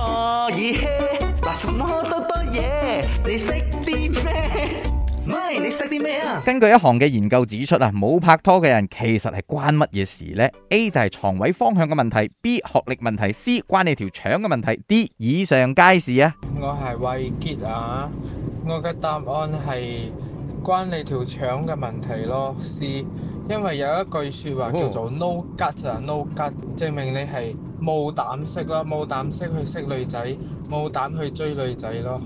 哦，咦？嗱，什麼多多嘢？你識啲咩？咪你識啲咩啊？根據一項嘅研究指出啊，冇拍拖嘅人其實係關乜嘢事呢？A 就係床位方向嘅問題，B 學歷問題，C 關你條腸嘅問題，D 以上皆是啊？我係惠傑啊，我嘅答案係關你條腸嘅問題咯，C。因為有一句說話叫做 no gut 啊 no gut 證明你係冇膽識咯，冇膽識去識女仔，冇膽去追女仔咯。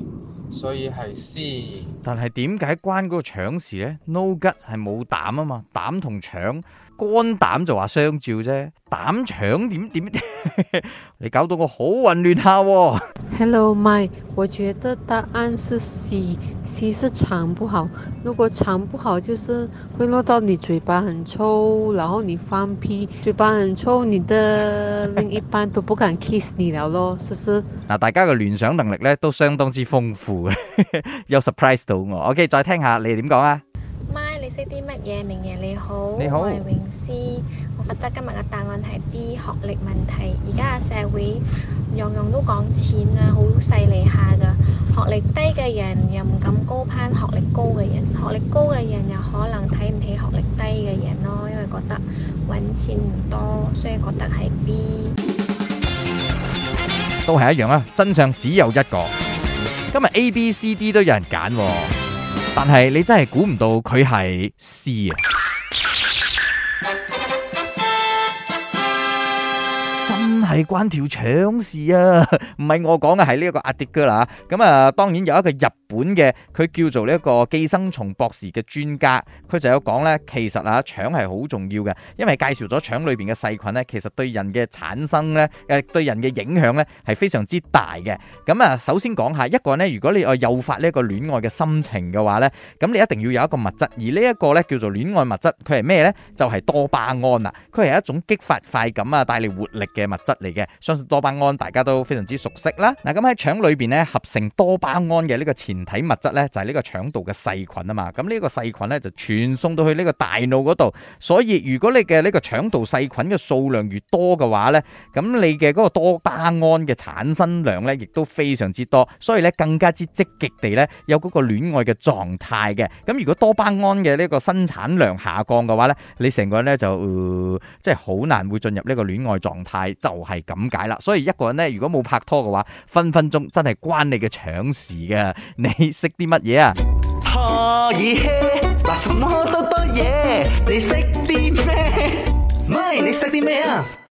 所以係 C，但係點解關嗰個腸事咧？No guts 係冇膽啊嘛，膽同腸，肝膽就話相照啫，膽腸點點？ 你搞到我好混亂下、啊。Hello Mike，我覺得答案是 C，C 是腸不好。如果腸不好，就是會落到你嘴巴很臭，然後你放屁，嘴巴很臭，你的另一半都不敢 kiss 你了咯，思思，嗱，大家嘅聯想能力咧都相當之豐富。 有 surprise 到我，OK，再聽下你點講啊？媽，你識啲乜嘢？明爺你好，你好，你好我係詠詩。我覺得今日嘅答案係 B 學歷問題。而家嘅社會樣樣都講錢啊，好勢利下噶。學歷低嘅人又唔敢高攀，學歷高嘅人，學歷高嘅人又可能睇唔起學歷低嘅人咯，因為覺得揾錢唔多，所以覺得係 B。都係一樣啊！真相只有一個。今日 A、B、C、D 都有人揀喎，但係你真係估唔到佢係 C 啊！係關條腸事啊！唔 係我講嘅係呢一個阿迪哥啦，咁啊，當然有一個日本嘅，佢叫做呢一個寄生蟲博士嘅專家，佢就有講呢，其實啊，腸係好重要嘅，因為介紹咗腸裏邊嘅細菌呢，其實對人嘅產生呢，誒，對人嘅影響呢，係非常之大嘅。咁啊，首先講下一個人呢，如果你愛誘發呢一個戀愛嘅心情嘅話呢，咁你一定要有一個物質，而呢一個呢，叫做戀愛物質，佢係咩呢？就係、是、多巴胺啦、啊，佢係一種激發快感啊、帶嚟活力嘅物質。嚟嘅，相信多巴胺大家都非常之熟悉啦。嗱，咁喺腸裏邊咧，合成多巴胺嘅呢個前體物質咧，就係呢個腸道嘅細菌啊嘛。咁呢個細菌咧，就傳送到去呢個大腦嗰度，所以如果你嘅呢個腸道細菌嘅數量越多嘅話咧，咁你嘅嗰個多巴胺嘅產生量咧亦都非常之多，所以咧更加之積極地咧有嗰個戀愛嘅狀態嘅。咁如果多巴胺嘅呢個生產量下降嘅話咧，你成個人咧就即係好難會進入呢個戀愛狀態，就係、是。係咁解啦，所以一個人咧，如果冇拍拖嘅話，分分鐘真係關你嘅搶事嘅。你識啲乜嘢啊？可以？話咁多多嘢，你識啲咩？咪你識啲咩啊？